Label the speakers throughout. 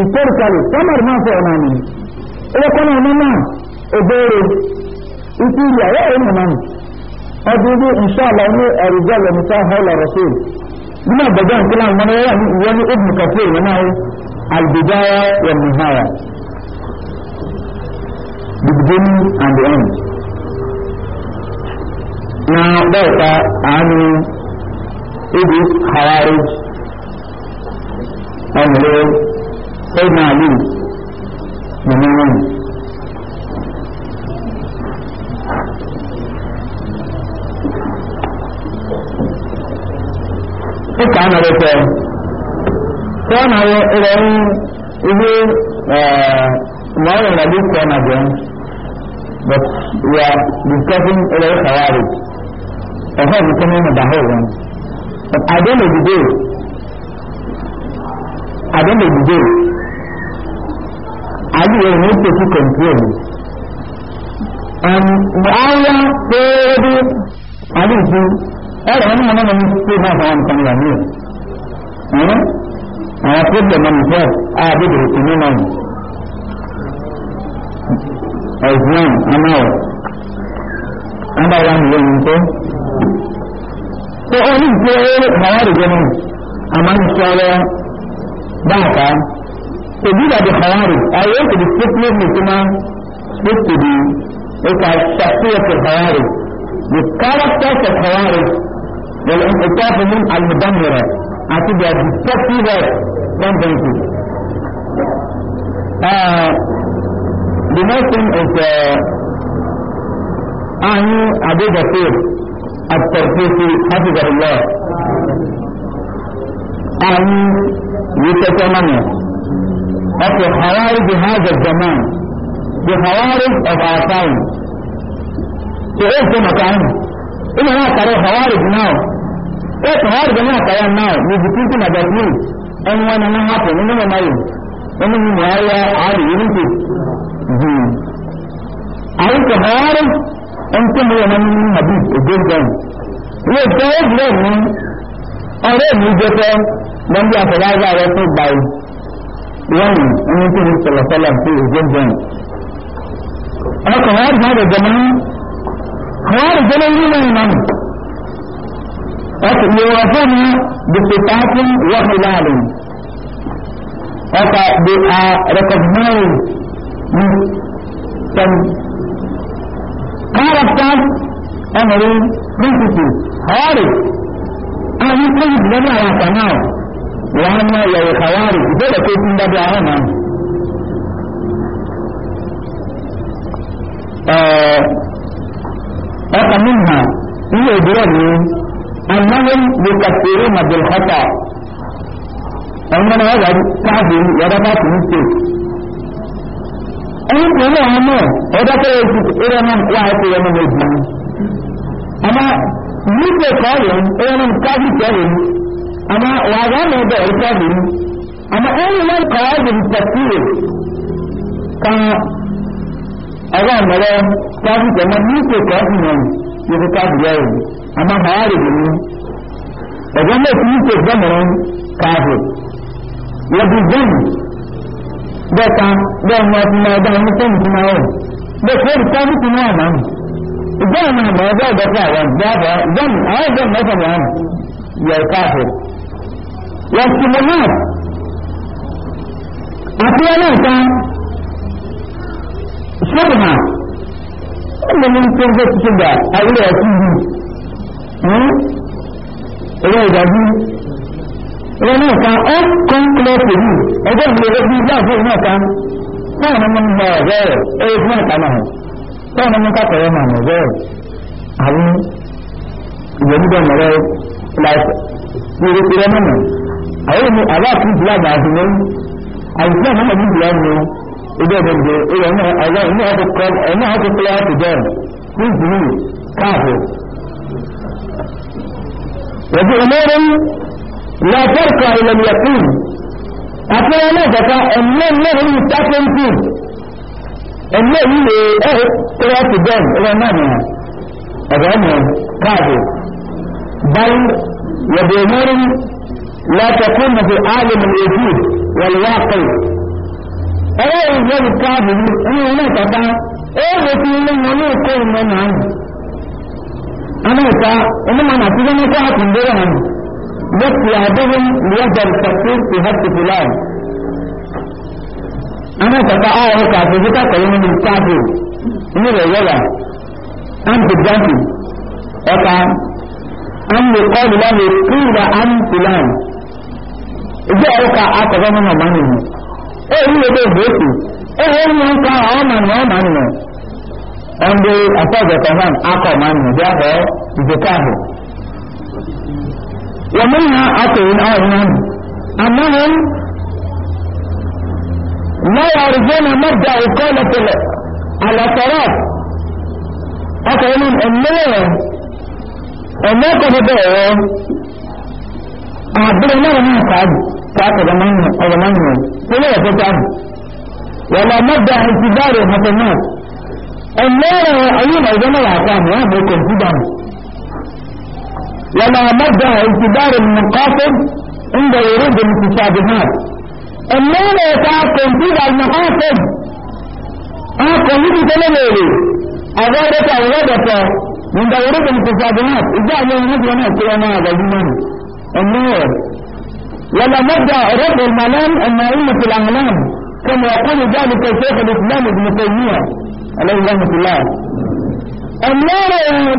Speaker 1: historically tamar náà fẹ́ ọ̀nà mi ẹgbẹ́ kọ́nà ọmọ náà òbéèrè ikú ìyá ẹ̀ ẹ̀ nìyẹn mi ọdún bí ìṣàlọ̀ ní ẹ̀rùjọ́ lẹ́nu tá hẹ́lá rọ̀ṣẹ́ nínú àgbẹ̀jọ́ nǹkan náà mọ́nà yẹ́yà ní ìwé ní ibùn kàfẹ́ ìwé náà àlùbìdáyà wọ̀n ní hàyà the beginning and the end. na bẹ́ẹ̀ ká àánú ibi hawarij ọ̀nà lóyún sai na ali da nan
Speaker 2: Ika ana rete,
Speaker 1: ko na yi irin ihe mawar da duk ko na biyan, but we are discussing irin kawari, ọ̀fẹ́ mutumin da hau But I don't know the day. I don't know the day àbí ẹ̀rọ ní pẹ̀sí kọ̀ǹtírọ̀lù àyà pẹ́ẹ́rẹ́dẹ́ àbí ìfú ẹ̀rọ ní mọ̀nà ní pé náà fọwọ́n nǹkan ìyá ní ẹ̀ àwọn pẹ́ẹ́bẹ̀ mọ̀ nìfẹ́ àbẹ̀bẹ̀ òkú ní náà ẹ̀sìn amáwọ̀ amáwọ̀ àmì lẹ́nu nǹkan tó ọ ní ìfẹ́ ẹ̀rọ àwọn àdìgbẹ́ náà àmọ́ ní sọ́ọ́rọ́ dáàkà To these are the Khawarij. I want to be strictly Muslim, speak to the it's a shakhsiyat of Khawarij. The characters of Khawarij will inqitaf min al-mudammira. I think they are destructive of something. Uh, the next thing is uh, Ani Abu Bakr التركيسي حفظه الله أن يتكلموا of the Khawarij has a zaman, the Khawarij of our time. So what's the Makan? Even our Khawarij Khawarij now. What Khawarij now Khawarij now? We'll be thinking about you. And when it happens, you know what I mean? You know what I mean? You know hmm. what I mean? Àwọn Khawarij ń tún bí ọmọ nínú Habib Ogungan. Ilé ìtọ́wọ́ ìlú ọ̀rẹ́ mi jẹ́ pé wọ́n bí àfẹ́lágbà rẹ̀ tó gbà yìí wani an yi tuhu sallasala ko zai haka har ma da zaman har zaman yi mai nan haka yawafuna da sifatin wa hilalin haka they ah, are recognized with some characters and principles. How are they? And you think it's never like now wàhánà yàwó kàwárì bẹ́ẹ̀ tó ti ń dábẹ́ ahọ́n náà. ọkàn mímà ilé ìdúró mi anáwó lè kàfèrè màbẹ̀lẹ́kọ́tà ọ̀hún náà wà káàdì yàrá bá tún ṣe. ẹni tó ní àwọn náà ọ̀dọ́ tó yẹ kí eré náà wà á ti yẹ nínú àmọ́ nígbà kọ́ ọ̀rọ̀ ẹ̀rọ náà káàdì kọ́ ọ̀rọ̀ amma wa za mu da ita ne amma in man qawaid tafsir ka aga mara ta fi da ni ko ka fi ne ni ka bi yayi amma hayari ne daga ne ki ko zamanin kafir ya bi zan da ka da ma kuma da mutum kuma yau da ko ta mutum ya ma والشبهات أحياناً شبهة أنا من تنزل شبهة أولي أسيدي أولي أسيدي wọ́n kan ọ́n kan kílẹ̀ pẹ̀lú ẹgbẹ́ ìlú ẹgbẹ́ ìlú àti ìlú kan táwọn ọmọ mi bá ọ̀rẹ́ rẹ̀ ẹ̀rọ fún ẹ̀ka náà táwọn ọmọ kápẹ̀rẹ̀ máa mọ̀ ọ̀rẹ́ rẹ̀ àwọn ìwé nígbà mọ̀rẹ́ láìpẹ́ ìrètí rẹ̀ mọ̀mọ́ àwọn èmi àwọn àkùnjù lágbà àdúgbò àìsí àwọn ọmọ ìlú ọmọ ilé ìdòdò ilé ọmọ ọlọ ìlú ọdún kọ ọmọ ọdún kọ láti bẹẹ ní ìdílé káàbọ. Ẹ̀jẹ̀ ìmọ̀ràn lọ́tọ́ọ̀kọ̀ ìlànà yẹ̀kùn àtẹ́wọ́ náà dọ̀ka ẹ̀mọ́ mẹ́rin ní sáfẹ́ǹtì ẹ̀mọ́ yìí lè ẹ̀ kọ́ láti bẹẹ ẹ̀rọ náà nìyẹn ọ̀dọ́ ọmọ káàbọ. Báyìí yẹ̀bẹ̀ ìmọ̀ràn لا تكون في عالم الوجود والواقع أرأي ذلك الكافر أنا لا تبع أرأي في من يقول من عنه أنا أتا إنما أنا أتجا ما كانت من دورهم بس يهدهم ليهدر التفسير في هد فلان أنا أتا أرأي كافر جدا كلمة من الكافر إني رجلا أنت الجانب أتا أن يقال له قيل عن فلان ìjẹ́ ẹ̀rọ ka akọ̀fẹ́ mọ́nà ọ̀ma nì mú ẹ̀ ní ebè ìgbésù ẹ̀ ẹ̀ ní nǹka ọ̀ma nì ọ̀ma nì ọ̀ndé àfọ̀jọ̀kọ̀ náà akọ̀ ọ̀ma nì bí ahọ́ ìjọka ahọ́. wọ́n mú ìhà akọ̀wé náà ọ̀ma nì àmọ́ wọn náà àrùjọ́nà mọ́jà ìkọ́ lọ́tẹ̀lẹ̀ àlàtọ̀rọ̀ akọ̀wé náà ẹ̀mẹ́rẹ̀ ẹ̀mẹ́kọ̀ọ́ bẹ̀rẹ̀ àbúrò náà ní ìkàdù فاك ضمنه أو ضمنه ولا يفوت عنه ولا مدى اعتباره حسنات النار أيوم أيضا العقام يا بيكم سيدان ولا مدى اعتبار المقاصد عند ورود المتشابهات النار يتعقم سيد المقاصد أقل لك تلميلي أغادة أغادة من دورة المتشابهات إذا أعلم نفسنا كلنا هذا النار ولا مدى رب المنام النائم في الاعلام كما يقول ذلك الشيخ الإسلام ابن تيمية عليه رحمة الله النار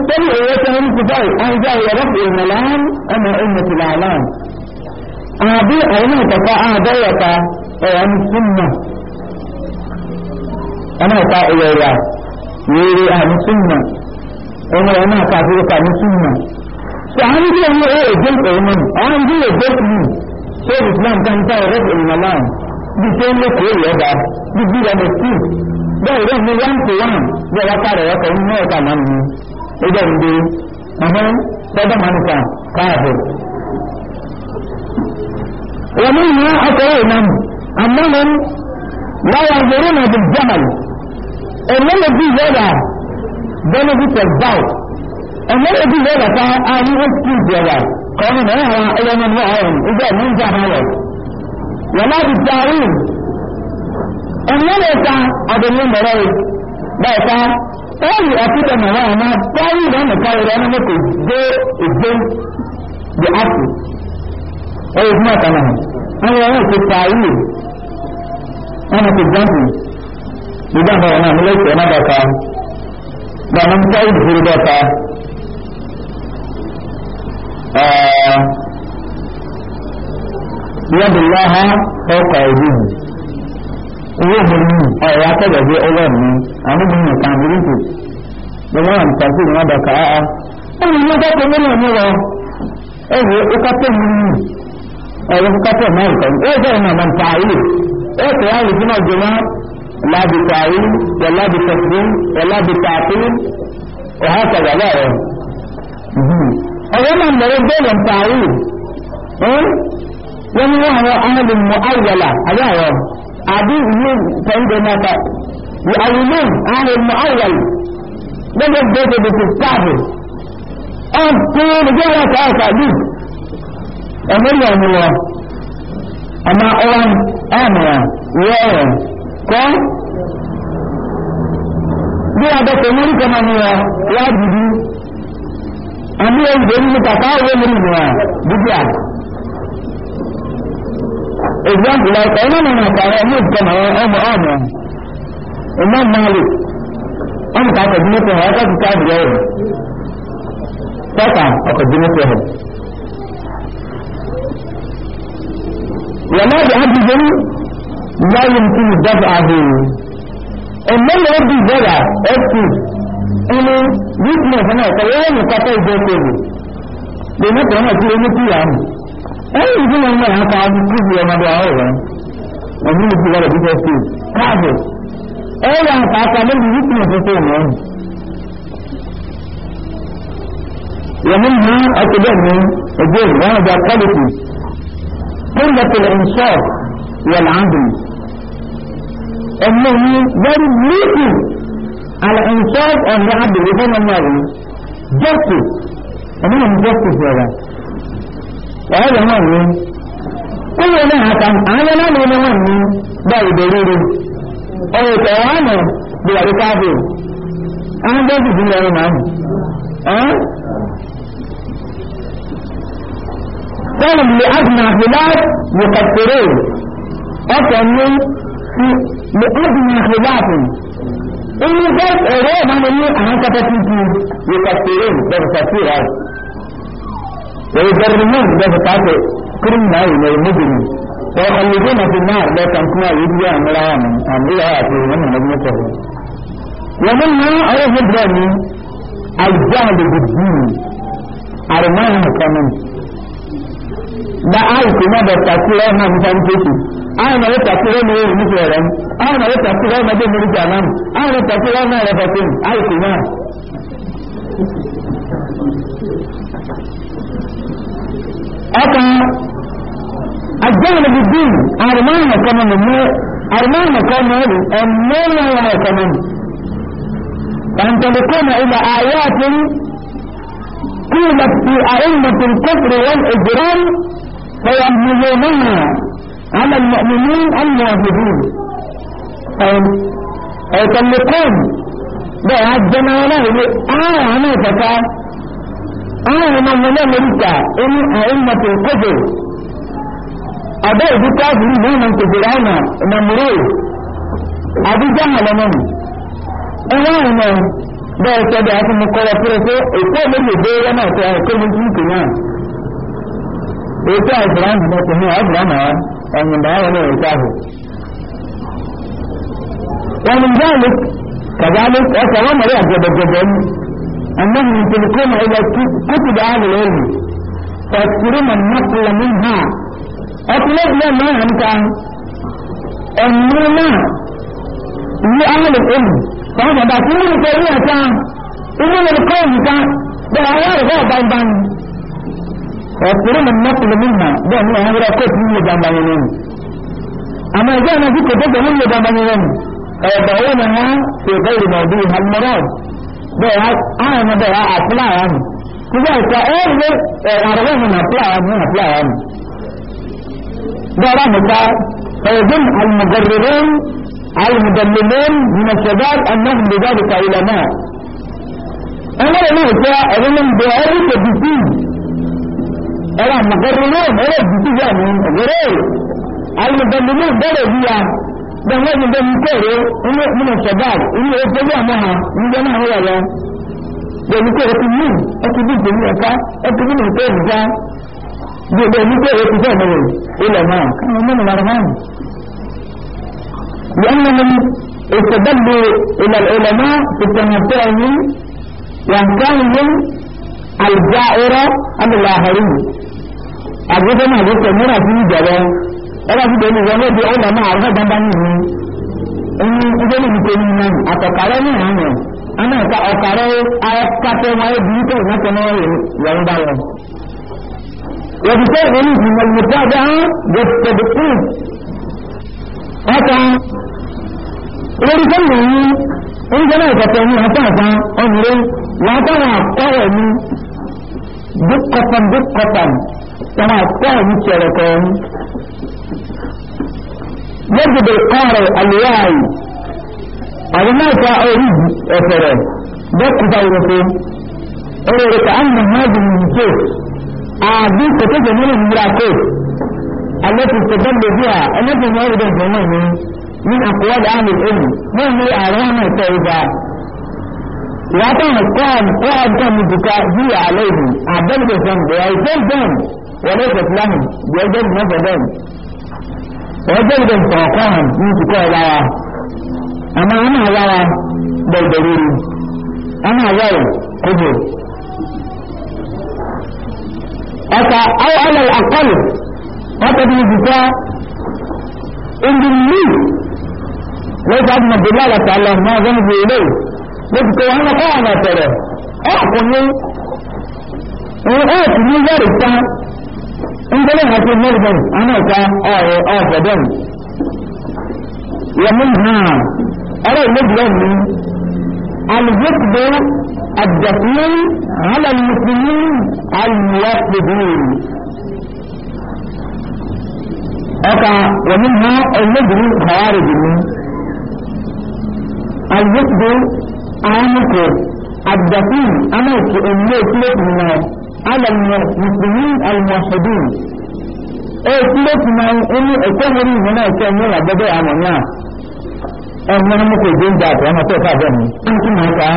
Speaker 1: تطلع وتنام في ضوء أنزع يا رب الملام أما أمة الأعلام أبي أمة فأعدية أم السنة أنا أطاعي يا يري أهل السنة أنا أنا أطاعي أهل السنة
Speaker 2: فعندي أنا أهل
Speaker 1: جلد أمم عندي أهل جلد ṣé islam kan tá ẹ̀rọ ìrìnà náà bí ṣé ń lókè èyí ọba bí bí ọmọ sí bẹ́ẹ̀ rẹ̀ ní one to one bí ọba ká rẹ̀ ọkọ̀ nínú ọ̀tá máa nù ó jẹ́ ìdè ọ̀hún tọ́jọ́ máa nìkan káàbọ̀. wọ́n ní ìlú akọ̀wé ìnáwó àmọ́ ní láwọn àgbèrè náà ti jẹ́mà ẹ̀mọ́lẹ́bí yọ̀dà benefit of doubt ẹ̀mọ́lẹ́bí yọ̀dà ká àwọn ó sì jẹ̀wà. قالوا ما هو إلى من وعين إذا من جهل ولا بالدارين أن يلسى أدلين بلاي بلاي أي أكيد ما هو ما داري لما كاير أنا مكو دي الدين بأكل أي ما تمام أنا أنا كتاير أنا كتاير بجانب أنا ملك أنا بكا بنا مكاير بجانب yadda laha ɗauka idin owó ìbòmí ọ̀rọ̀ ya tẹ́lẹ̀ bí ọwọ́ mi àwọn ìbòmí kan burú kù gbogbo àwọn ìtàkì wọn dọ̀ka áá ó ní ilé dọ́kọ̀ nínú mi lọ ẹ wo ìkọ́tẹ̀ mi nù ọ̀rọ̀ ìkọ́tẹ̀ náà ìkọ́ ẹ jẹ́ ìmọ̀ ọ̀nà tààyè ẹ tẹ̀ wá أولا مرد دولة تعويل ومن هو أهل مؤولة أجاهو عدي يوم تعيد ما يؤولون أهل المؤول مرد دولة بتستعفل أم كل جوة تعيسى دي أمر الله أما أولا أمر يوم كون bí a bẹ tẹ̀lé orí kan máa ń yọ wájú bí àmì ẹgbẹ́ nínú kàkà àwọn ènìyàn náà gbígbé à. Ègbàgbọ́ ọ̀pọ̀ iná nínú àkàrà ẹ̀mí ìtọ́nà ọmọ ọmọ ọmọ mọ́lù ọmọ ká kọ̀dúnú pẹ̀lú ọkọ̀ ti ká ìdílé rẹ̀. Tọ́ka ọkọ̀dúnú pẹ̀lú. Wọ́n náà bí Abidjan yáyé nkú ìjọba ààbò. Ẹ̀mọ́ lọ́ọ́ bí ìjọba ẹ̀kú ẹni witness náà kọ yóò ní kọ́tọ́ ìdókòwò lèmi tó náà ti lóní kúrò àmì ẹni ìdí wọn náà ká ọdún kúrò ọmọdé àwọn ọ̀rọ̀ ẹni ìdí wọn lọ́dún fẹ́ẹ́ fún káàbọ̀ ẹ yà ń kà á kà lórí witness tó mọ́ ẹ̀. yẹmi ní ọtọdẹ mi ẹgbẹ wọn ọjà kọlùkù wọn lọ pẹlẹ nsọ yẹlẹ àndùn ẹni ní very little. على الانصاف ان يعبد يكون النبي justice أمين justice هذا وهذا ما هو كل ما هتم أنا لا من مني ده يدير أو تعانى بيعرف كافي أنا ده في الدنيا ما أه قال لأدنى خلاف يكفرون أكمل لأدنى خلاف إن ذلك أرام من أنك تتجي يكفرون بغتفيرا ويجرمون بغتفيرا كرم ناي ويمجرم ويخلدون في النار لا تنكوا يديا ملايان أمري آياتي ومن نجمته ومنها أيه الدرامي الجهل بالدين أرمان مكامن
Speaker 2: da aiki na da tafiya na mutan
Speaker 1: teki ana na wata kura ne yau musu yaran ana na wata kura na bin mulki anan ana na wata kura na rafatin ai kuma aka ajjana bidin armana kama mu armana kama ne amma ya kama فانطلقون الى ايات قيلت في ائمه الكفر والاجرام فيحملونها على المؤمنين الواهبين يطلقون ده عجنا له آه أنا فتا آه أنا من أمريكا إن أئمة الكفر أبي بكافر من كفرانا نمري أبي جهل من أنا ده يتبع في مقالة فرسة إقوى من يبير أنا أتعرف كل من كنا إقوى أجران ما تهي أجران ومن يبعون ينتهوا ومن ذلك كذلك أسلام رأجب الجبل أنهم ينتلقون إلى كتب أهل العلم فأذكرون النقل منها أطلبنا ما أمكن أمرنا لأهل العلم فهذا بس من كان إنما القوم كان بأعوار غابا بان ويقولون النقل منها ده هو هذا كوت من أما إذا ذكر ده من يدعمانين فيضعونها في غير موضوعها المراد ده أنا ده أطلع يعني كذلك أول من أطلع من ده رمض فيظن المدللون من الشباب أنهم بذلك علماء أنا لما أقول أظن بأول تبتين ẹ̀rọ àmọ̀gọ́rùn-ún ẹ̀rọ ìdíjú yà ní ọ̀gọ́rẹ́ alùbẹ̀lùmí bẹ̀rẹ̀ bí ya gbẹ̀ngẹ́ ní bẹ́ẹ̀ ní kóòrè inú ìpínlẹ̀ sọ̀dáàd inú ìpínlẹ̀ bí àmọ́ ha nígbẹ́ náà wọ̀ lọ. bẹ̀ẹ̀ni kóòrè ti mú ẹtì bí ìgbèmí ẹ̀ka ẹtì bí nìkó ìgbà gbogbo ẹni kóòrè ti fẹ́ mọ̀ ilẹ̀ náà káwọn mọ̀ nìyàrá náà. لأنهم استدلوا إلى العلماء في تنطعهم وإنكارهم الجائرة اللاهرية àgbẹ̀fẹ́ náà lọ́sẹ̀ múra sí ìjọba ẹ̀rọ sí pẹ̀lú ìwọ lóde ọ̀là náà àrùn dandan nìyí ẹni ìjọba ìlú pẹ̀lú náà àtọ̀kàrẹ́ ní àná àná ẹ̀ka ọ̀kàrẹ́ ayẹ́kàtẹ́ wọn ayé bíi tẹ̀ ìrántẹ́ náà yẹn bá wọn. òṣìṣẹ́ ìròyìn ìgbìmọ̀ ìmọ̀tá bá gbẹ̀dẹ̀ kù ọ̀kan lórí sẹ́yìn yìí oúnjẹ náà ìkọ̀tẹ̀ ní àtàkùn ọ̀nìyẹn wàá كما الثاني شركون يجب القارئ الواعي هذا ما سأريد أفره بس دورته أريد أن هذه النصوص أعطيك كتب من المراقب التي استدل بها التي يريد الجنون من أقوال أهل العلم ما هي أعلام التوبة وأعطانا القائم قائم كان متكافئ عليهم أعدل بهم وأعطل بهم وليست لهم بأجل مثلا وأجل بالتوقعهم من تكوى دعوة أما أنا دعوة بالدليل أنا دعوة كفر أتا أو على الأقل أتا بالفتاة إن بالليل ليس أدنى بالله تعالى ما ذنب إليه ليس كوى أنا قاعدة ترى أعقل أعقل نظر الثاني ndé ha ti melbourne ana ọka ọrẹ ọfọdọm yẹmu ha ọrẹ melbourne ni alhukbu adafin ala musulmi almuwafidin ọka yẹmu ha ọmọbìnrin kọwárì bìnú alhukbu ahọ́nukọ adafin ana ọkọ ọmọ ìfúlẹ̀ bìnú náà. على المسلمين الموحدين ايه سلوك ما اني اكهري هنا اكهري هنا بدأ عمنا ẹ̀mọ́ ní kò gbé ìjà àtọ́ ọmọ tó fàbẹ̀ mi. wọ́n ti máa ta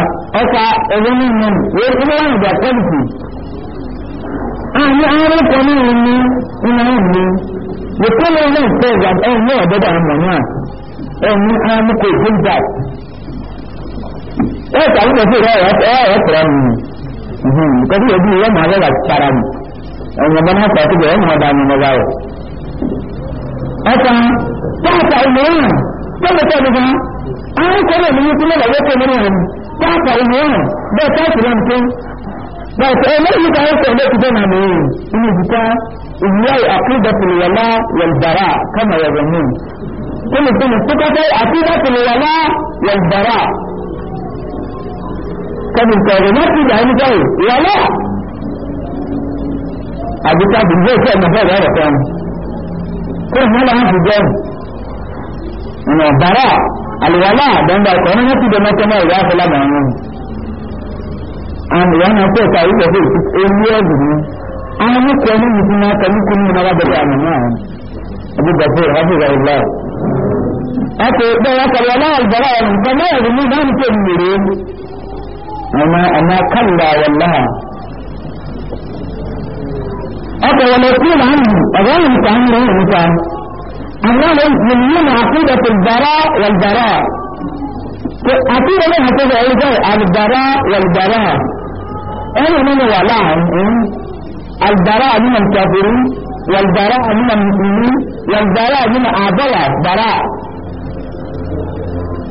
Speaker 1: ọta ẹ̀rọ ní ìmọ̀ wọ́n ti wọ́n ìjà pọ́lìtì. àwọn arákùnrin ní ìlú ní ìlú ìlú ìpínlẹ̀ náà fẹ́ ìjà ẹ̀mọ́ ọ̀dọ́dọ̀ àmọ̀ náà ẹ̀mí àwọn ní kò gbé ìjà. ẹ̀ nǹkan tí ẹbí wọn máa rẹ́wà sára mi ẹ̀yìn ọ̀bọ̀n náà kọ̀ọ̀tù ni wọn dání ní ọba rẹ̀. ọ̀sán táàtà ìmọ̀ràn tẹ́lẹ̀ tẹ́lẹ̀ gan àwọn kọ́lẹ̀ mi ní sílẹ̀ lọ́wọ́ tó mẹ́rin rẹ̀ táàtà ìmọ̀ràn bẹ́ẹ̀ táàtì rẹ̀ ń pín. bẹ́ẹ̀ ẹlẹ́yìn kan ẹ̀sẹ̀ ló ti dẹ́nà mi inú ìbùkọ́ ìyá àkúdàtìlẹ̀wọ̀lá yẹ̀lbàrà kọ́mọ̀ yẹ̀rẹ̀ mi. kí sanin kawai da hannu kawai wala a bi ta bin zai kai mafi da yara kwan kun hana hannu jan na bara alwala don ba kwanan yaki da mata mai ya fi lama hannu an yana ko ta yi da zai fi tsayuwa gudu an yi kwanan mutum na kanu kunu na ba da ya nuna abu da fi hafi da illah ake ɗaya kalwala albara yanzu kamar yanzu ne za mu ce mu أما أما كلا والله أتى وليقول عنه أغير تعمل إيه مثال أغير من عقيدة البراء والبراء عقيدة لها كذا أي زي البراء والبراء أنا من ولا البراء من الكافرين والبراء من المسلمين والبراء من أعداء براء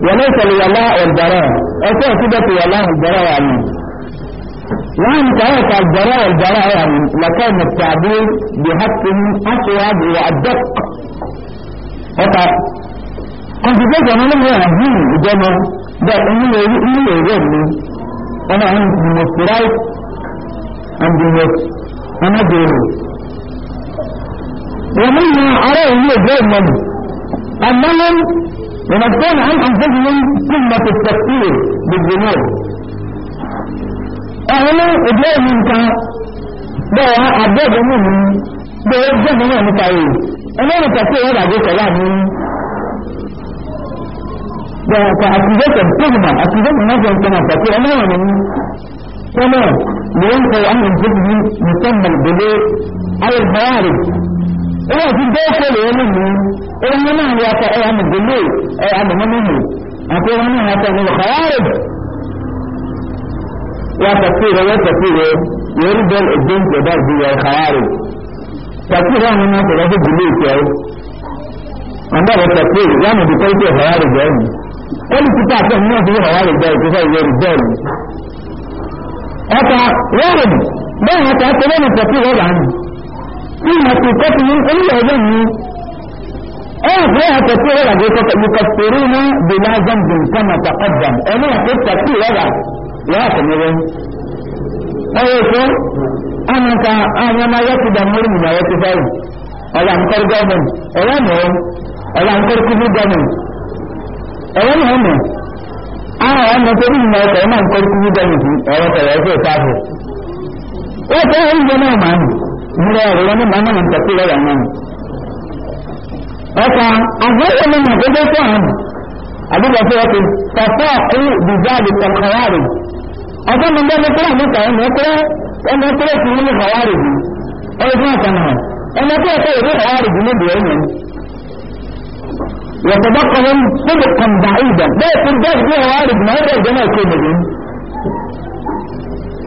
Speaker 1: وليس الولاء والبراء أسوأ كده في ولاء والبراء يعني وعن تواقع البراء والبراء يعني لكان التعبير بحق أسود وأدق وقع كنت تلقى أنا لم يهدين الجنة ده إنه إنه يغيرني أنا عندي المفترات عندي أنا دوري ومما أراه هي غير منه أنهم ينبهون عن أنفسهم قمة التفكير بالذنوب أهلا إبراهيم كان دعا عبد منهم دعا جميع متعين
Speaker 2: أنا نتكلم هذا عجل كلامي دعا كأكيدات
Speaker 1: التهمة أكيدات الناس يمكن أن تكون أنا من كما لينقوا عن أنفسهم مسمى البلوء على الخوارج إلا في الدعا كلامهم ẹni náà ni ọkọ̀ ẹ̀ amùgbélé ẹ̀ amùmọ́nìhù àti ẹni náà ọkọ̀ ní ọ̀kọ̀wárẹ̀ wọ́n tẹ̀sí rẹ̀ wọ́n tẹ̀sí rẹ̀ yóò rí bẹ́ẹ̀ ẹ̀gbẹ́ ìjọba ìdíyẹ ọ̀kọ̀wárẹ̀ tẹ̀sí rẹ̀ wọn náà tẹ̀sí rẹ̀ gbélé ìtẹ́
Speaker 2: ọ̀ndà rẹ̀ tẹ̀sí
Speaker 1: rẹ̀ yánà bí kọ́ ìtẹ́ ọ̀kọ̀wárẹ̀ bẹ́ẹ̀ ni kọ́lù títà àti ẹ̀mí náà tẹ̀sí ọ̀kọ̀wárẹ̀ bẹ́ẹ̀ tẹ̀sí rẹ̀ rí bẹ́ẹ̀ ni ọkọ̀ rẹ̀ bẹ́ẹ̀ ni ọkọ̀ tẹ̀sí rẹ̀ wà ní ìmọ̀ sí kọ́tù ní oníyẹ̀ ọjọ́ yìí أي فيها تقول لك يكفرون بلا ذنب كما تقدم أنا أقول تكفير هذا يا سميرين أي شيء أنا كا أنا ما يكفي دمر ما يكفي فاي ألا أنكر جمن ألا مهم ألا أنكر كفر جمن ألا مهم أنا أنا تقول ما يكفي ما أنكر كفر جمن ألا تقول كافر وتقول جمن ما أنا مرة أقول أنا ما أنا أنكر كفر جمن ọkà àgbẹ̀wò ni àgbẹ̀wò tó hàn àdúgbò fún ọkọ tọ̀fọ́ kú bìjáde kọ̀kọ̀wárì ọjọ́ mi gbẹ́ni kúrò níta ẹni ẹkúrẹ́ ẹni ẹkúrẹ́ fún mi ní kọ̀wárì bí ẹni fún ọ̀sán náà ẹni ẹkúrẹ́ fún ìwé kọ̀wárì bí níbi ẹ̀yẹ yàtọ̀dọ́kọ̀wọ́n síbi kọ̀ǹda ìdá bẹ́ẹ̀ tún bẹ́ẹ̀ bí kọ̀wárì bí náà bẹ́ẹ̀ gbẹ́nà ẹ̀kọ́ ìbẹ̀rẹ̀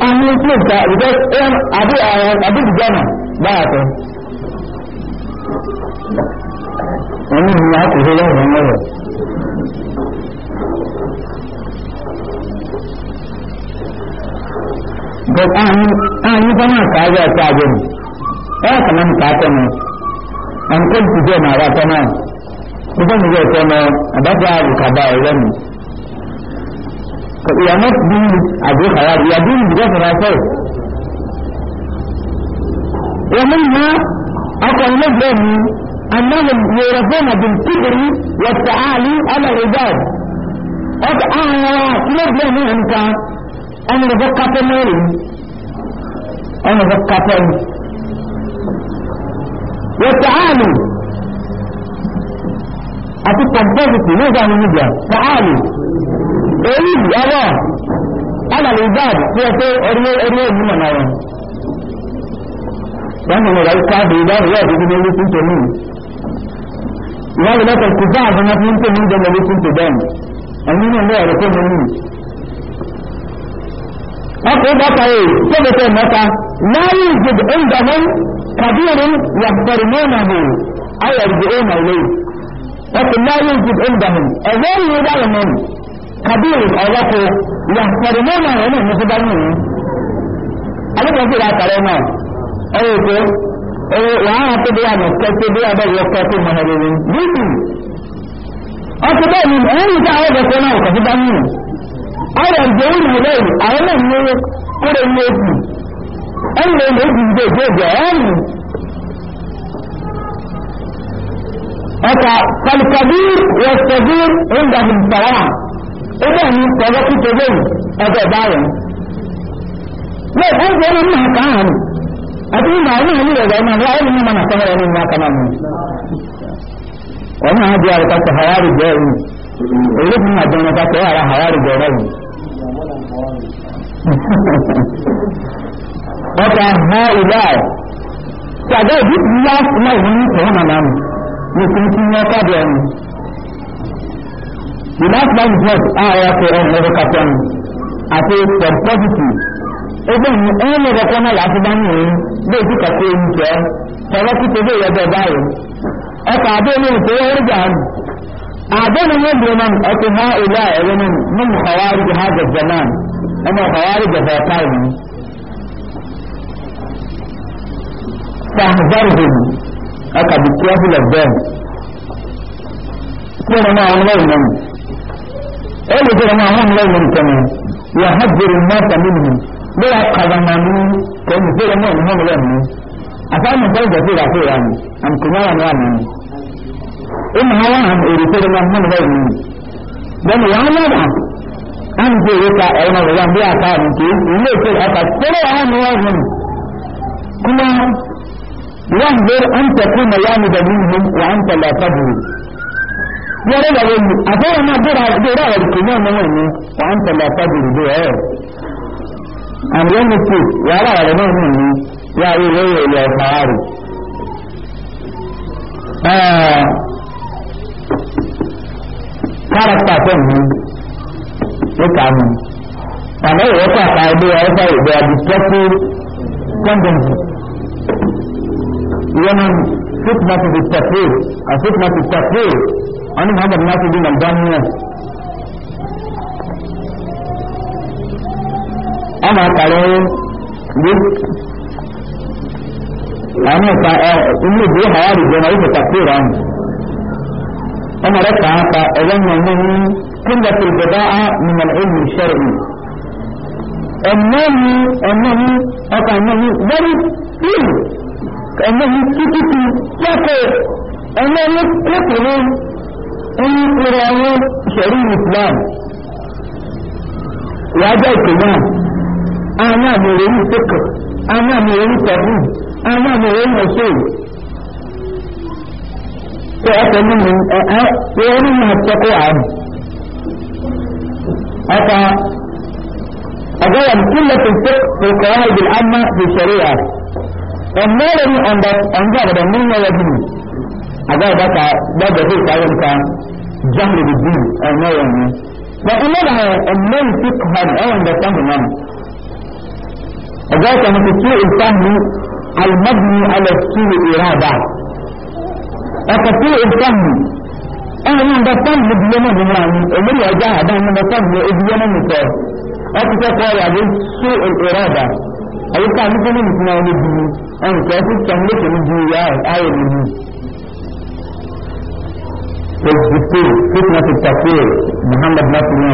Speaker 1: àwọn ìṣe ìta ìbẹ́ àbí àbí ìjọ́nà báyàtọ̀ wọ́n ní ìyá kò ṣe lẹ́yìn lọ́rọ̀ but ààyè fọ́nà àkàájọ àti àjọ mi ẹ̀rọ kan náà nìkan tọ́ mi àwọn kò tí jẹ́ màá ratọ́ náà mo fẹ́ mi jẹ́ ọ̀tọ́ mọ́ àbájá àbùkàbà ọ̀rẹ́ mi we are not doing àbúkàrà we are doing because of ourselves. wọ́n mú ìyá ọkọ̀ ilé ìgbẹ́ mi. أنهم يعرفون بالكبر والتعالي على العباد أدعى مبلغ أنت أنا بقى مالي أنا بقى والتعالي أتي تنتظر ماذا من مبلغ تعالي أريد أرى على العباد فيه أريد أريد من أنا لا رأيك عبد الله يا ابن الله wọ́n lè lọ́kọ̀ kò bá àwọn ọmọ fún tèmi jẹ́ lọ́wọ́ fún tèdán ẹ̀mí náà lọ́wọ́ rẹ̀ fún mi. ọkọ̀ bàtà yìí tóbi tẹ̀ mẹ́ta láyé ìgbèdè ẹ̀ǹdà wọn kàbíyèrè yàgbẹ̀rẹ̀ mọ́nà bò ayọ̀ ìgbè ẹ̀ǹdà lẹ́yìn. ọkọ̀ láyé ìgbèdè ẹ̀ǹdà wọn ẹ̀wọ́ yìí wà lọ́mọ kàbíyèrè ọlọ́kọ̀ yàgbẹ̀rẹ̀ mọ́nà wàhálà tó bí àmì kẹsí bí abẹ́rẹ́ ọkọ̀ tó mọ̀ ẹ̀rẹ́ rẹ̀ bíbí. ọkọ̀ bẹ́ẹ̀ ni ẹ̀yìn tí àwọn ọ̀dọ̀ náà kò fi bá yín nù. ọ̀rọ̀ ìjọ òun yìí lẹ́yìn àwọn náà ní kúrò ní ojú ẹ̀yìn lè lè jù ìjọ ìjọ ìjọ ẹ̀yìn. ọkọ̀ kọlùkọ̀bí wọ̀sọ̀bí ìndàbí ìtàwà ẹgbẹ́ mi sọ̀rọ̀ kí أتين بعدين هني رجع ما لا يبين ما نسمع يعني ما كمان
Speaker 2: وما هذا على كاس حوار جاي اللي بنا جانا كاس على حوار جاي أتا هؤلاء
Speaker 1: كذا جد لا ما يهمني كمان نام يمكن تيجي كذا The last one is not, ah, I have to earn another captain. I say, for positive, ẹgbẹ́ mi ẹ lè kọ́kọ́ náà láti bá mi rìn bẹ́ẹ̀ tí kàkó ẹni jẹ́ tọ́lá tí tẹ́lẹ̀ yẹ bẹ́ẹ̀ báyìí ọkọ̀ àbẹ́ mi ìpè orí jà ní. àbẹ́ mi yóò dùn náà ọkọ̀ ha ìlà ẹ̀rọ náà ní mu kọ̀wárí jù ha jẹ̀jẹ̀ náà náà wọn lọ́wọ́ náà ẹ lè kí ọmọ àwọn ọmọ lọ́wọ́ náà bóyá kàdàmà ní kẹ́mi fẹ́rẹ̀ mọ́ ní hàn lẹ́nu àtàwọn nǹkan ìjà fẹ́rẹ̀ àfẹ́rẹ́ àmì àmì kò náà ní àmì ni ó máa wá àmì èrè fẹ́rẹ̀ mọ́ hàn lẹ́nu ni bẹ́ẹ̀ni wọ́n ń lọ́dà á ń fi èrè ka ẹ̀rọ náà lọ́dà bí àtà àmì kì í ilé ìfẹ́ ọ̀tà fẹ́rẹ̀ wà ní wọ́n hàn kúmọ́ wọ́n gbé ń tẹ̀kú mọ̀ yá mi dàbí mi wà ń ń tẹ̀lé and when you put wàhálà rẹ̀ náà nù ní yàrá ìwé ìrẹ̀lẹ̀ ọ̀fà rẹ̀. káràkítà tó ń mú ó kà á mú àmọ́ ìwé kọ́ àpá ẹgbẹ́ ọ̀fà ìgbẹ́ àbí tọ́kú kọ́ndọ̀mù ìwé náà fitna ti di tafé àfitna ti tafé wọn ni muhammed nasiru nàgbà mú ẹ. أنا كريم جد أنا سا إني أه، في أنا جماعي تكثير أنا أنا رفع أنت أظن أنه كنت في البداية من العلم الشرعي أنه أنه أتى أنه ضرب فيه كأنه كتبه كفر أنه كتبه أن قرآن شرير الإسلام وهذا الكلام ana mai rayu duka ana mai rayu tabu ana mai rayu masu ko aka nuna ko wani masu ko a yi aka agawan kullatin fiqh fil qawaid al amma fi shari'a amma wani an da an ga da mun ya yi aga da ka da da zai kayan ka jahlu bid din amma wani da da amma fiqh har da kan وذلك من سوء الفهم المبني على سوء الإرادة
Speaker 2: وسوء الفهم
Speaker 1: أنا من بفهم بدينا بمعنى أمري أجاهد هذا من بفهم بدينا مثال أكثر قال أبي سوء الإرادة أي كان مثل مثل أن يجي أن كافي تملك من جوياه آية منه تجدتي فتنة التكفير محمد ناصر من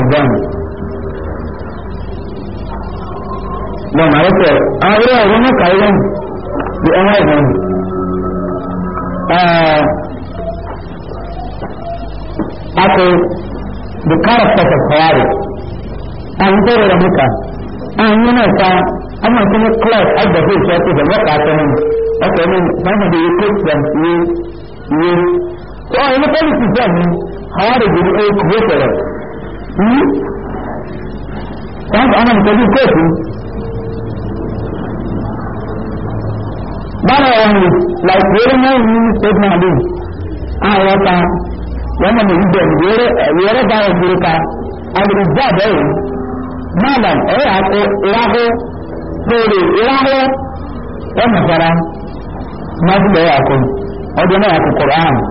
Speaker 1: lọ́n máa rẹ́pẹ̀ àwọn ilé ọ̀rọ̀ náà kàrí lọ́n bí ọmọ ìwọ̀n ako the characters of Ferrari àwọn tó rẹ̀ mú ká àwọn yẹn náà ká àwọn tó ní club agbègbè ìṣẹ́ tó bẹ̀ lọ́kà tó ní ọkọ̀ ní báwọn bẹ̀ yí kó tiẹ̀ ní ní tó àwọn ilé pọ́lìsì jẹ́ mi Ferrari bẹ̀ ní ó kúrò sọ̀rọ̀. Wọ́n àwọn ìtọ́jú kóòtù bára ẹ̀ ní láìpẹ́rẹ́ náà ní ṣẹ́gun àdé àwọn ọ̀ta wọ́n mọ̀ ní bẹ̀ wẹ́rẹ́ bá ọ̀gbẹ̀rẹ̀ ká agbègbè àbẹ̀ yìí máàlà ẹ̀ àkó ìráhó pèrè ìráhó wọ́n mọ̀ fara májúlẹ̀ ẹ̀ àkó ọdún náà àkó kọ̀rọ̀ àrùn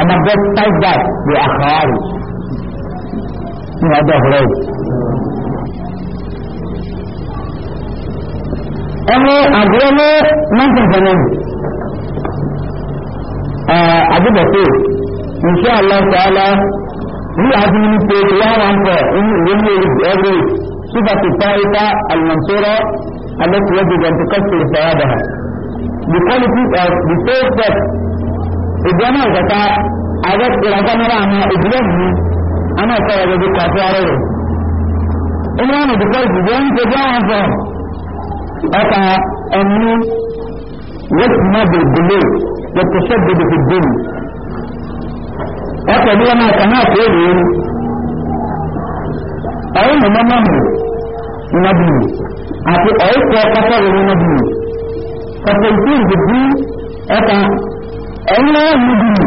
Speaker 1: àmọ́ bẹ́ẹ̀ táìgbà bí àkàwárì ní ọjọ́ ìfúrẹ́ yìí. ɛne agorɔ no nankankana adebɛso inshallah taala we have been paid one one four in renewed every صفة الطائفة المنصورة التي يجب أن تكسر ثوابها بكواليتي of the faith that ìjọba ìjọba àwọn ìrànlọ́wọ́ àwọn ìdílé mi àwọn ìkọ̀wé ìdíkọ̀ àti ààrẹ rẹ̀. ó ní wọn ìdíkọ̀ ìdílé ń tẹ̀lé àwọn fọ́ọ̀mù أتى أني يسمد الدلو يتشدد في الدين أتى لي أنا كما تقول أين ممن نبي أتى أيك وقفر نبي فقلتين في الدين أتى أين نبي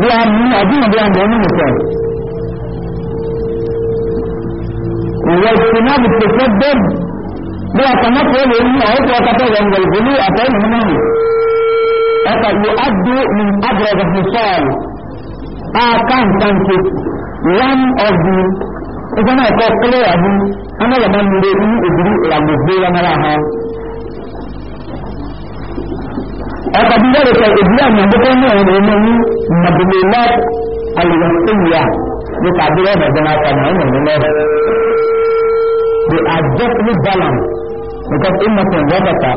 Speaker 1: لأن أدين بأن يؤمن واجتناب التشدد bí ọ̀sánmọ́ tó lè ní ọ̀hún tó ọ̀sán tó lè ń gbèlú ní àtẹ́yìn nínú yìí ọ̀sán yóò adé ní agbègbè fún sọ́ọ̀lù àkàǹtàǹtì one of the ìfọ̀nà ẹ̀kọ́ kílẹ̀ ọ̀hún anáyọ̀mọ́ ní ilé ní ìdílé ìlàgbègbè lọ́mọ́ra ha ọ̀sán bí wọ́n lè sọ ìdílé àmì àgbẹ̀kọ́ ní ọ̀hún ẹ̀mọ́ ní nàbìlélá àlùwàsíyà ní kàdúrà ọ̀dọ̀ náà kàmọ́ ẹ̀mọ́ ní lọ́wọ́ they are justly balanced because in mutum zakata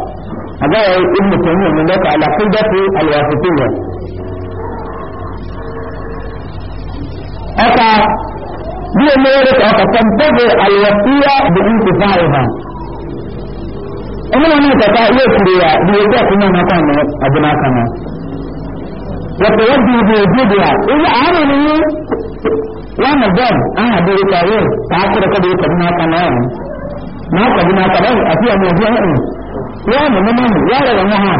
Speaker 1: a ga yayi in mutum ne mun daga ala kun dafu alwasitiyya aka biyo ne ya rika aka tantabe alwasiya da intifaiha ina ne ka ta iya kuriya da ya ta kuma na kan eh, abu na kana wata yadda ya biyo bidiya ina a hannun ne wannan don an haɗe ka yau ta haka da kada ya kabi na kana na kwaji na kwaɗa a fiye mai biya haɗin ya mu na mamu ya daga maha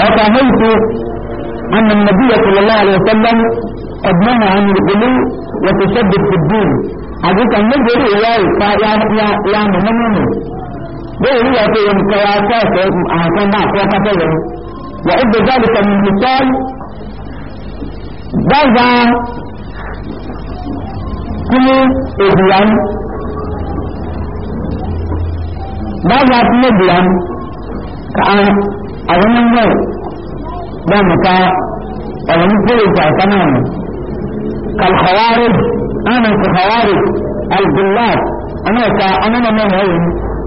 Speaker 1: a fahimtu قد نهى عن الغلو وتشدد في الدين عجيك أن نجد إياه يا يا يا مهمم ده هو في مقياسات عشان ما أخوة كثيرا وعد ذلك من مثال بعد كل إبيان ba za su ne biyan ka an a wannan yau ba mu ta a wani kuri ta sana mu kalhawarin anan ku hawarin albullat ana ta anan nan hayi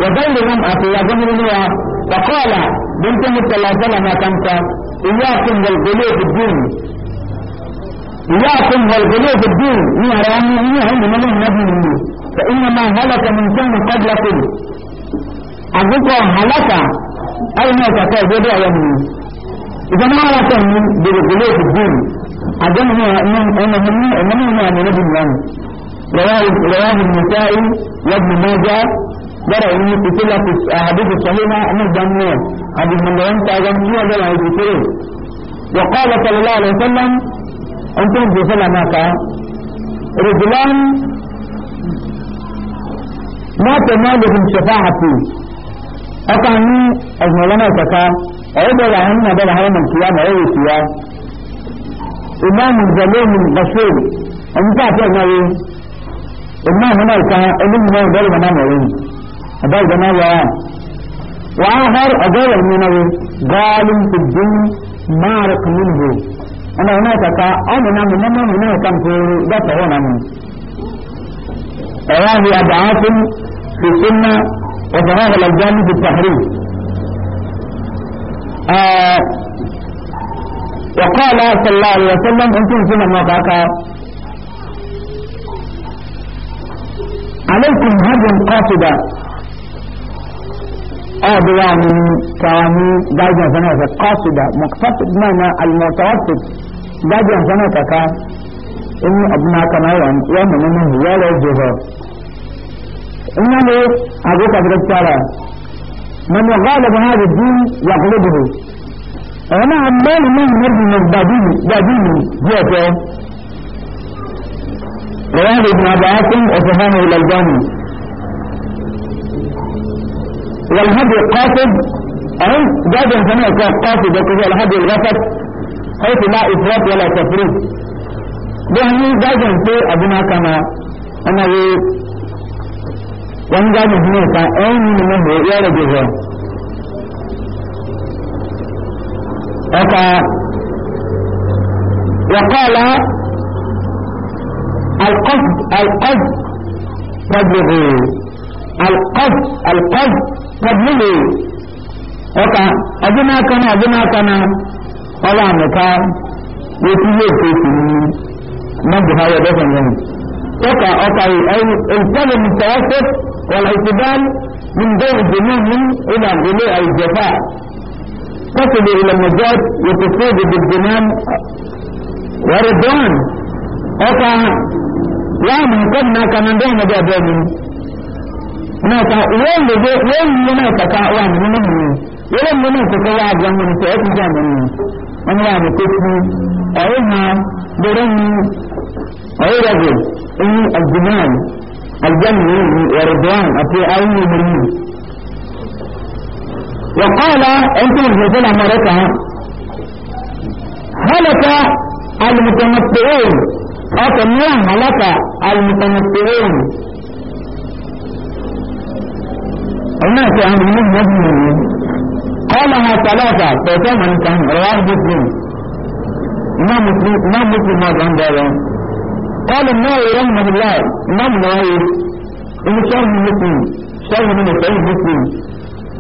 Speaker 1: wa dalilin a ta yaga murniya wa qala bint mutalazala ma kanta iyyakum wal ghulub ad-din iyyakum wal ghulub ad-din ni arani ni hayi nan nabi فإنما هلك من كان قبلكم àkókò àlákà ẹ̀yìn náà kàkọ́ ìgbédè ọ̀yọ́ mi ìgbà náà wà sẹ́yìn ní gbèrègbèrè òkú bíi àjẹmí ẹ̀mọ́nì ní àmì níbi mìíràn rẹwà ìmùsáì lọ́gbìn mẹ́jọ gbọ́dọ̀ ní ìpínlẹ̀ àdúgbò sọ́lẹ́mà ẹ̀mẹ́gbàmù àdúgbò mẹ́rin tààgbà ní ọjọ́ àwọn ìpínlẹ̀ وقال صلى الله عليه وسلم أنتم بسلا ماكا رجلان ما تنالهم شفاعتي aka ni ọ̀gbọ̀nlọ́ náà kaka ọ̀rẹ́bẹ̀rẹ̀ àwọn ọmọ bẹ̀rẹ̀ àwọn ọmọkìyà náà ẹ̀rẹ́ ìkìyà ìmáàmù zalomi bashir ọmọkà àti ọ̀gbọ̀nwé ìmáàmù náà ka ẹlẹ́mù náà bẹ̀rẹ̀ mọ́nà mọ̀rẹ́ ọba ìgbọ̀nà wà á wà á har ọgọ́rọ̀ mi náà gaalin ìdún márùk nílùú ọmọ náà kaka ọmọ náà mi mọ́mọ́ mi وفراغ الألجام بالتحريف آه وقال صلى الله عليه وسلم أنتم سنة موقعك عليكم هدي قاصدة آه، أدوان كواني يعني داجة زناتك قاصدة مقتصد معنى المتوسط داجة زناتك إن أبناك نوعا يوم منه ولا جهر إنه أبوك أبوك تعالى من يغالب هذا الدين يغلبه أنا عمال من مرد من بابيني بابيني جيته رواه ابن عباس وفهمه إلى والهدي القاصد أي جاد سمع قاصد وكذا الهدي الغفت حيث لا إفراط ولا تفريط يعني جاد سمع أبونا كما أنا wani gadi ne ka ɗan yi ne mai iya rage zuwa aka وقال القصد القصد تبلغوا القصد القصد تبلغوا وقع أدنى كان أدنى كان ولا مكان وفيه كيفين من بها يدفن وقع وقع الكلم التوسط والاعتدال من بين جنون إلى غلاء الجفاء تصل إلى النجاة وتصيب بالجنان ورضوان أتا لا من قبنا كمن بين جابين ناتا وين لدي وين لناتا كأوان منهم وين لناتا كواعد ومن سيئة جامعين ومن لا بتسمي أوها برمي أو رجل إني الجنان الجنة ورضوان في أي مريض وقال أنت الرجل مرتها هلك المتمتعون أتمنى هلك المتمتعون الناس يعملون مجنون قالها ثلاثة كان رواه مسلم ما مسلم ما مسلم ما عنده قال النووي رحمه الله إمام النووي إن شرح مسلم شرح من سعيد مسلم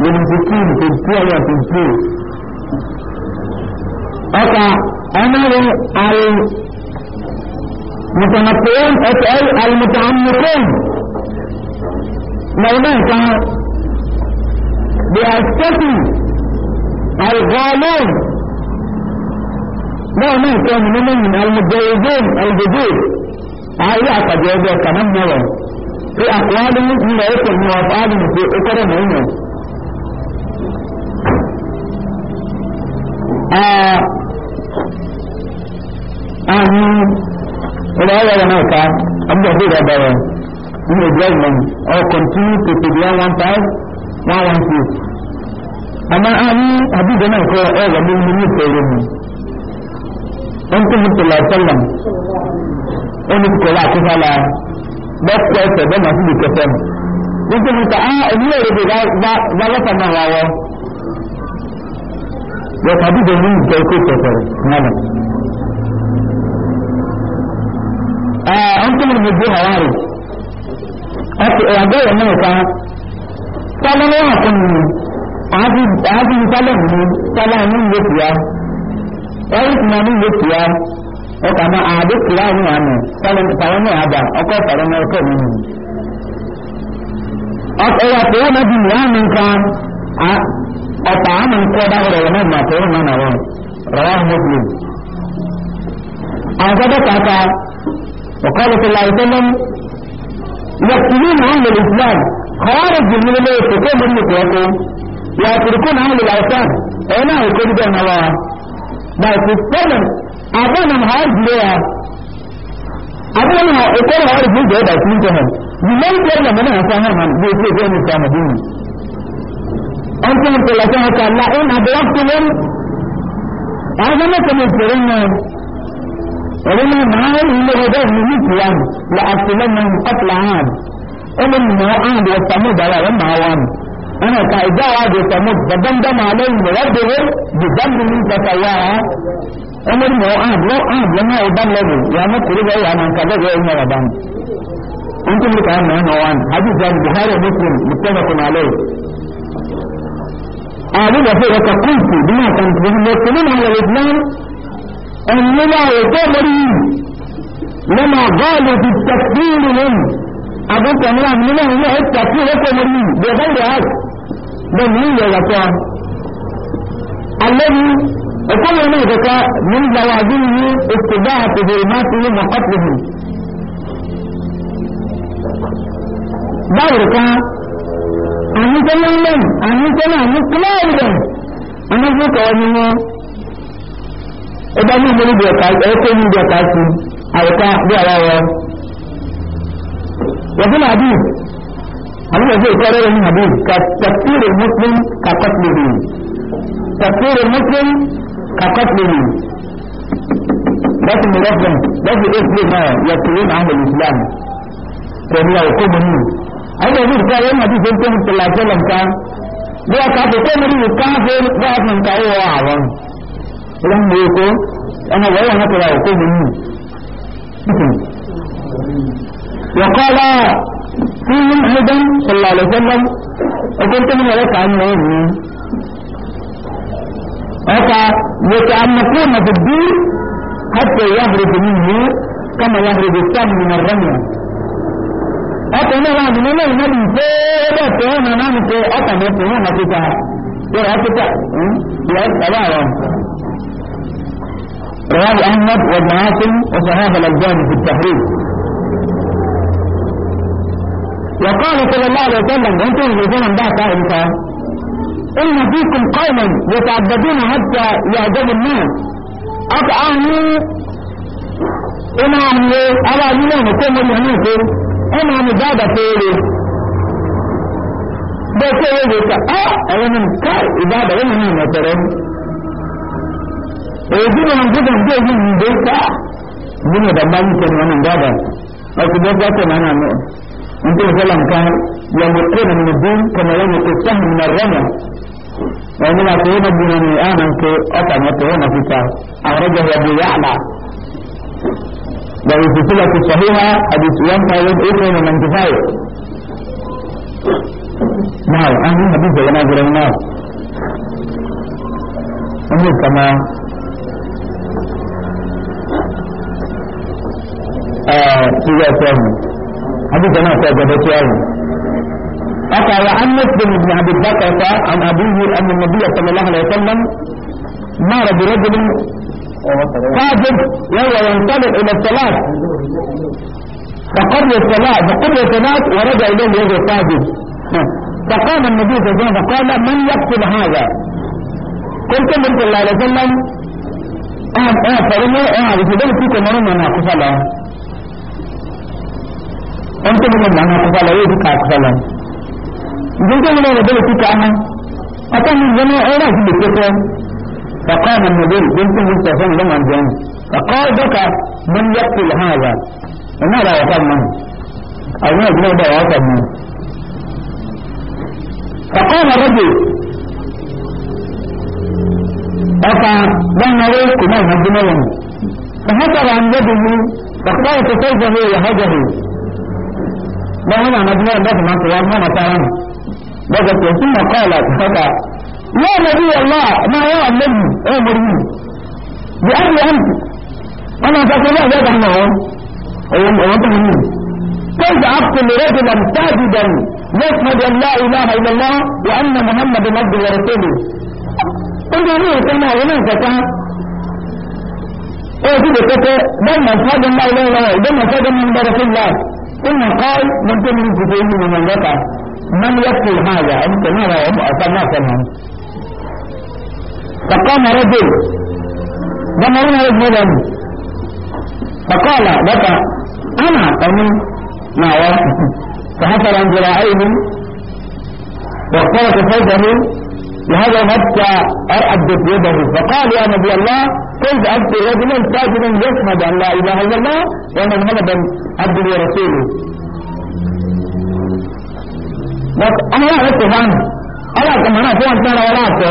Speaker 1: من ستين تذكية يا تذكية أتى أمر
Speaker 2: المتمتعين أسأل المتعمقين
Speaker 1: مولاه نعم، كان بأسكتي الغالون مهما نعم، كان من المتجوزين الجديد ayé àpàdé ẹgbẹ́ kàná mọ́rọ̀ pé àkọọ́lẹ̀ nílẹ̀ ẹ̀kọ́ ní ọ̀pá àdùnnú pé ó kọ́rọ̀ mọ́ ìyẹn. ààrùn ọ̀rọ̀ ọ̀rọ̀ náà ká abúlé ọ̀gbẹ́ rẹ̀ bẹ̀rẹ̀ nínú ìgbẹ́ ìmọ̀n ọ̀ kọ̀ntínú pèpè bí wọ́n pa wọ́n wọ́n ti. àmọ́ ààrùn àbújá náà kọ́ ọ̀rọ̀ lórí ní ìpẹ̀rẹ̀ mi. wọ́n tún mú tòlá sọ́lá
Speaker 2: wani su kola ku fala ba ku kwaita ba
Speaker 1: masu dukkan mun ce mun ta a ne rage ba ba ba sannan rawa ya tabi da mun kai ko kwatar mana a an kuma mu ji hawari a ce ya ga wannan ka sallan ya kun ni a ji a ji sallan ni sallan ni ne tiya ai na ni ne tiya ọkà mọ àdé kìlá ní àná sọlọ ní àbá ọkọ ìfàlẹ ní ọkọ mi nù. ọ̀pọ̀lọpọ̀ àpò wọn bí mi àmì nǹkan ọ̀pọ̀ àmì nǹkan dáhùrọ̀ wọn náà àpò wọn náà wọn rọwọ́ mọ́bìlì. àwọn sọ́dọ̀ kàkà ọ̀kọ́ lọ́sọ̀lá ìtọ́lọ́mù يقتلون أهل الإسلام خوارج من الله تكون من نقوته ويتركون أهل الأوثان أنا أقول بأن الله ما تستمر أبونا نهار بلايا
Speaker 2: أبونا نهار أكبر
Speaker 1: نهار بلايا جاي باكين جهن بلاي جاي لمنا أسانا من بيكي جاي نسانا ديني أنتم تقول لك الله إن أنا أعظم كما ترون ولما معهم اللي هداه مثلهم لأقتلنهم قتل عام ومن معاد وثمود على لما عوام أنا كإذا عاد وثمود فدمدم عليهم ربهم بذنبهم فتواها ọmọ ìmọ̀ ààbò ààbò náà ọba lẹ́bù yàmú kúrú bẹ́ẹ̀ yà máa ń kàdé bẹ́ẹ̀ yẹn ọba ni. ń tún lùkà mọ̀ ọ́nà wa ni àdìsí àti buhari muslim mùtẹ́fà kò máa lẹ́yìn. ààbò lọ́fẹ́ rẹ̀ kàkúùtù bí náà kan tó ń lọ sí nínú àwọn islam ẹ̀yìn náà ètò ọmọdé yìí lọ́mọ bọ́ọ̀lù ti tẹ̀síìrì lónìí àbúkọ̀ ní àmì náà ní ẹ̀ tẹ̀síìrì ọkọ̀ ọmọdé yìí bẹ̀rẹ̀ bẹ́ẹ̀ وكل ذلك من لوازمه اتباع تجرباته وقتله ذلك أني تنعلم أني تنعلم كلاهما أنا ذلك ومنه إذا من يريد يقال أيكم يريد يقال أيكا بأراوة وفي الحديث أنا أقول قرار من الحديث كتكفير المسلم كقتله تكفير المسلم كقتله لكن مرفع لكن اسم ما يقولون عنه الاسلام فهو يقوم منه هذا يقول قال يوم حديث يمكن صلى الله عليه وسلم كان لو كافر كان مريض كافر بعد من تعيه وعوان لم يكن انا وهو هكذا يقوم منه وقال فيهم ايضا صلى الله عليه وسلم وكنت من ولك عنه يتعمقون في الدين حتى يهرب منه كما يهرب السم من الرمية أتى نرى من الله النبي فوضى فهنا نعم فوضى أتى نفسه هنا كتا ترى كتا يأتى بعضا رواه أحمد والمعاصم وصحاب الألزام في التحريم وقال صلى الله عليه وسلم أنتم يقولون بعد ذلك إن فيكم قوما يتعبدون حتى يعجبوا الناس أطعموا إما عملوا على عملهم كم يعنيكم إما عملوا بعد فيه ده كده يقول اه انا من كار اباده انا من مثلا ويجيب من جدا جدا من بيتا من ده ما يمكن انا بعد لكن ده ده انا انت فلان كان يمكن من الدين كما يمكن من الرمل ومن أتينا بني آمن كي أتم يتهون فيك أخرجه أبو يعلى وفي سلسلة صحيحة حديث 1880 من كفاية نعم أهل الحديث وأنا أجر الناس أمي كما آه إذا كان حديث أنا أتوقع بكي
Speaker 2: أتى يعنف
Speaker 1: بن ابن عبد البكر عن أبيه أن النبي صلى الله عليه وسلم مر برجل قادم وهو ينطلق إلى الصلاة
Speaker 2: فقر الصلاة فقبل الصلاة
Speaker 1: ورجع إليه وهو قادم
Speaker 2: نعم. فقام
Speaker 1: النبي صلى الله عليه وسلم قال من يقتل هذا قلت من آه، آه، آه، صلى الله عليه وسلم أنا أنا فرمي في ذلك في مرمى ما قفلا أنت من ما قفلا يدك قفلا جزء من الرجل في كعمة أقام الجميع إليه بالكفر فقام النبي جزء من السفن لما الجميع فقال بك من يقتل هذا وما لا يقال منه أو ما يجمع ده يقال منه فقام الرجل أقع لما رأيك ما يهدمون فهجر عن يده فاختار سيفه وهجه لا هنا مجموع لازم أنت وأنا مثلا بقت ثم قالت خطا يا نبي الله ما يا النبي يا مريم بأبي أنت أنا تقول لا تحنهم أيوة، أيوة، انت مني كيف أقتل رجلا ساجدا يشهد أن لا إله إلا الله وأن محمد عبده ورسوله قلت له أيوة، كما هناك ايه كده كده ده مشهد ان لا اله الا الله ده مشهد من رسول الله ثم قال من كل من تدعي من من من يقول هذا انت ما راهم ما فهم فقام رجل هنا رجلا فقال لك انا قومي ما فحصل عن ذراعيه واختلط فوجه لهذا مكة أبدت يده فقال يا نبي الله كيف أنت رجلا ساجدا يشهد أن لا إله إلا الله وأن محمدا عبده ورسوله ọmọ yàrá kò bá nù ọlá àtọmọ náà fún ọtí náà ọlá àtọ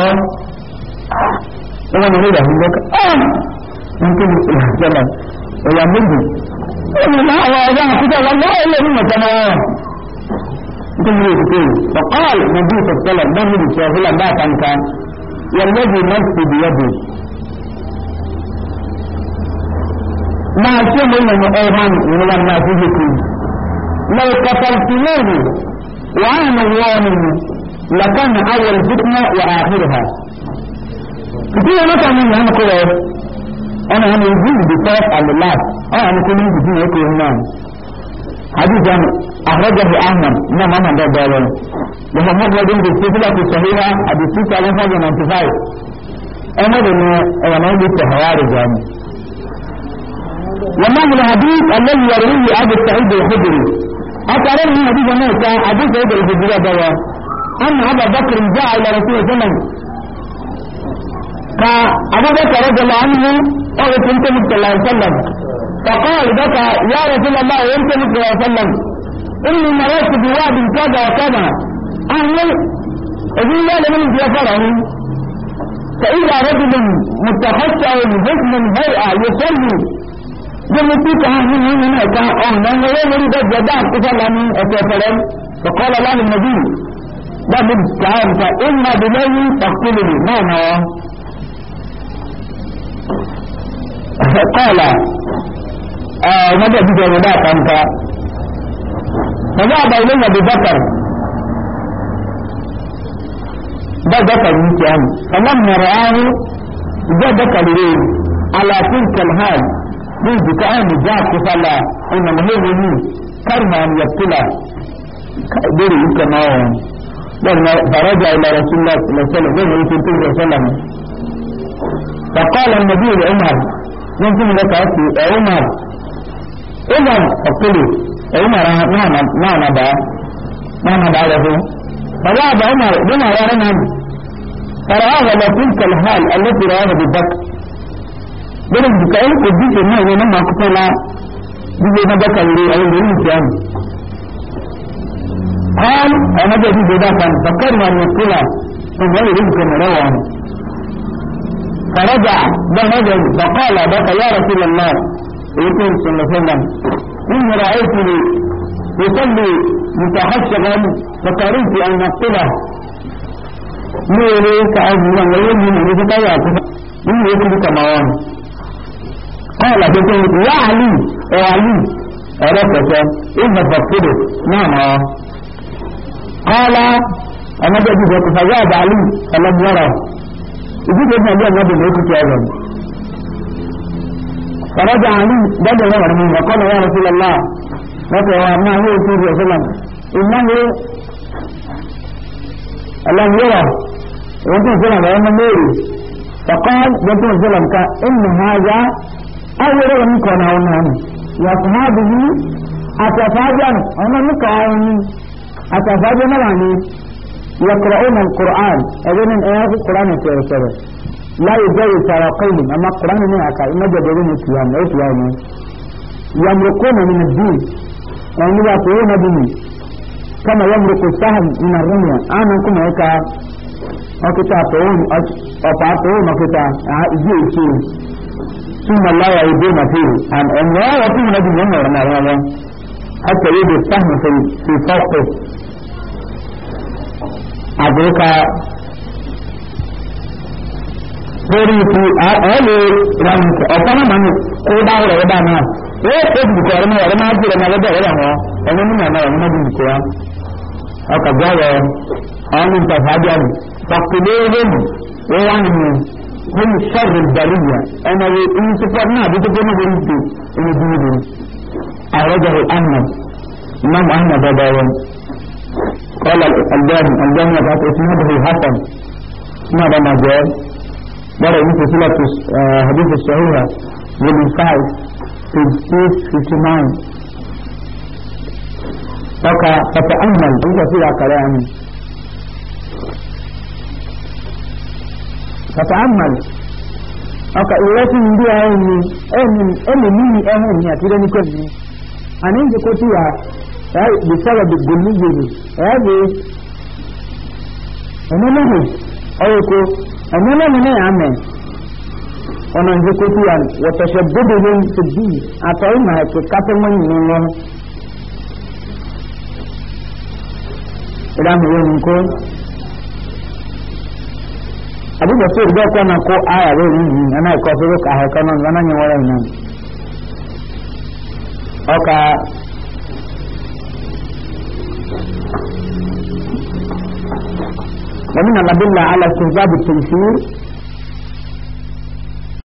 Speaker 1: ọmọ mi yàrá ìgbẹ́ ọ́ nítorí mi ìyá jẹlẹ ìyá méjì
Speaker 2: ẹni náà àwọn ọ̀gá àkútọ̀ lọ́wọ́ ẹlẹ́ni mọ̀tọ́ náà
Speaker 1: nítorí mi èkó ọ̀kọ́ọ̀l nàbí ìfọ̀sọ́lọ̀ náà mi ìṣẹ́ ọ̀húnlá bá àtàǹkà yẹlẹ́bi náà ti di yẹ́bi. máa ṣe mọ́ ìyẹn ọ̀hán ìrora máa fi hẹ́kù lọ́ọ̀ وعام يوم لكان أول فتنة وآخرها كتير ما كان من هم كده أنا هم يزيد بطاف على الله أنا هم كل يزيد فيه يكون هنام حديث عن أخرجه أحمد نعم أحمد ده دولار وهو مجرد في السلسلة الصحيحة حديث سيسة على فاجة من انتفاعي أنا بني أنا ما يجيب تهواري جامع ومعنى الحديث الذي يرويه أبو سعيد الخدري أتعلم من حديث موسى حديث أبي الجبريل دوا أن أبا بكر جاء إلى رسول الله صلى الله عليه وسلم فأبو بكر رضي الله عنه أو كنت صلى الله عليه وسلم فقال بك يا رسول الله أنت صلى الله عليه وسلم إني مررت بواد كذا وكذا أهل أبي الله لمن يفره فإذا رجل متخشع حسن هيئة يصلي جمعتي كان من هنا كان أو فقال الله النبي ده من فإما بني تقتلني ما هو قال ماذا تجد ذاك أنت فذهب إلي ببكر ده بكر مثل فلما رآه ده بكر على تلك الحال من بتعام جاك فلا إن مهمني كرما أن يبتلى دوري كما فرجع إلى رسول الله صلى الله عليه وسلم بين رسول الله وسلم فقال النبي لعمر يمكن لك يا عمر عمر فقلي عمر ما ما نبع ما نبع له فذهب عمر بما يرى فرآه لتلك الحال التي رآها ببكر bẹ́ẹ̀ ni bùkà ẹ̀rọ ìdíje náà ìwé náà máa kúkọ́ náà gbígbé náà bá kàwé àwọn ìlú ìlú ìjẹun. قال أنا بدي بدافع فكرنا أن يقول ثم يريدك مروا فرجع ده نزل فقال بك يا رسول الله يقول صلى الله عليه وسلم إن رأيتني يصلي متحشقا فقررت أن أقتله ليه ليه كأن من غير من يريدك يا رسول الله إن يكون كموان kọ́ọ̀lá tó tó yá àlù ẹ̀ àlù ọ̀rọ̀ pẹ̀tẹ́ ìgbàfọ̀ kéde náà mọ́ kọ́ọ̀lá ọmọdé ìdìbò kò fàyà àdàlù ọlọ́mọ́rọ̀ ìdíje náà bí ọmọdé ló kúkú ẹ̀rọ فرجع علي بدل ورمي وقال يا رسول الله وقال ما هو صلى الله عليه وسلم إنه لم يرى وانتم سلم وانتم ميري فقال وانتم سلم إن هذا awere wani kona wannan ya kuma e e e bihi a tafajan wannan muka wani a tafajan na wani ya qur'an alquran ajinin ayat alquran ke yasara la yajri taraqin amma alquran ne aka ina da dare ne kiyan ne kiyan ne yamrukuna min ad-din yani ba ko na dini kama yamruku sahm min ar-rumya anan kuma yaka akita to on akita to makita a ijiye ce ثم لا يعيبون فيه عن أمرا وفيه نبي من أمرنا هذا حتى يجد السهم في في فوقه أدرك torí ti ọ̀ọ́lẹ̀ ìrànlẹ̀ ọ̀sán náà ní kó bá rẹ̀ ẹ̀dá náà ó fèsì kọ̀ ọ̀rẹ́ ọ̀rẹ́ máa jẹ́ ẹ̀mọ́ lọ́jọ́ ẹ̀rẹ́ wọn ẹ̀mọ́ nínú ọ̀nà ọ̀rẹ́ mọ́bí nìkọ́ wa ọkọ̀ gbọ́ rẹ̀ ọ̀ọ́lẹ̀ ìtàfájà ní pàpẹ́lẹ́ ẹ̀rẹ́ mi ó wà من شر البرية أنا إن سفرنا بتكون بريد إن دين أرجه أحمد إمام أحمد بدايا قال الألباني الألباني بعد إسناده حسن ما ده مجال بره في سلسلة آه، حديث الصحيحة في 5 في 259 فكأمل إذا فيها كلام tàtàmàl ọkà ìrẹsì ndí ẹ̀hún ni ẹ̀mí mímí ẹ̀hún ni àti rẹ̀ nìkan ni àní ń jẹ́kọ́ tí wà ẹ̀ bí sábà bí gbòmí gbòmí ẹ̀ bí ẹ̀mẹ́mẹ́hìn ọ̀yọ̀kọ́ ẹ̀mẹ́mẹ́hìn náà yà mẹ́ ọ̀nà ń jẹ́kọ́ tí wà wọ̀tọ̀ṣẹ̀ gbódò ló ń ti bí àtọ̀ ìmọ̀ ẹ̀kẹ́ kápẹ́mọ́ yìí lọ. ìdáhùn yóò ń kó abu da sai riga kwana ko aya zai yi yi ana ko sai ka haka nan nan ne wannan nan oka ومن الأدلة على استهزاء التنفير